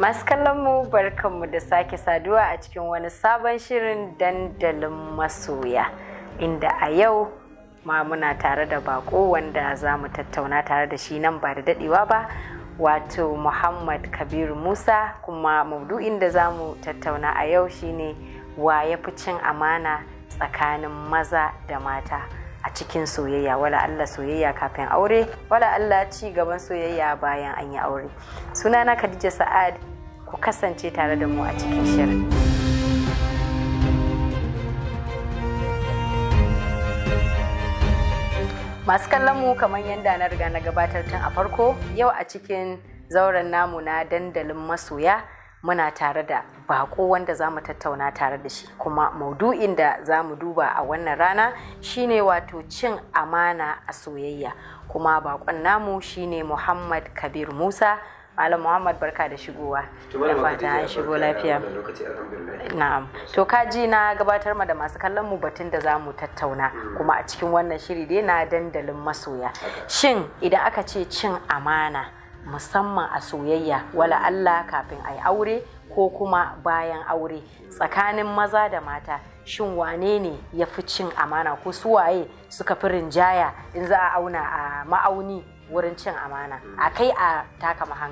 Masu kallon mu barkanmu da sake saduwa a cikin wani sabon shirin dandalin masoya inda a yau ma muna tare da bako wanda za mu tattauna tare da shi nan ba da dadewa ba wato Muhammad Kabiru Musa kuma maudu'in da za mu tattauna a yau shine wa ya fi cin amana tsakanin maza da mata a cikin soyayya wala Allah soyayya kafin aure wala Allah ci gaban soyayya bayan an yi aure sunana Khadija Sa'ad ku kasance tare da mu a cikin shirin. Masu kallon mu kamar yadda na riga na gabatar tun a farko yau a cikin zauren namu na dandalin masoya muna tare da bako wanda za mu tattauna tare da shi kuma maudu'in da za mu duba a wannan rana shine wato cin amana a soyayya kuma bakon namu shine muhammad kabir musa Malam Muhammad barka da shigowa. Da fata an shigo lafiya. Na'am. To ji na gabatar ma da masu kallon mu batun da za mu tattauna mm. kuma a cikin wannan shiri dai na dandalin masoya. Shin idan aka ce cin amana musamman a soyayya wala Allah kafin ai aure ko kuma bayan aure tsakanin maza da mata shin wane ne ya fi cin amana ko su waye suka fi rinjaya in za a auna a ma'auni wurin cin amana mm. a kai a taka mahanga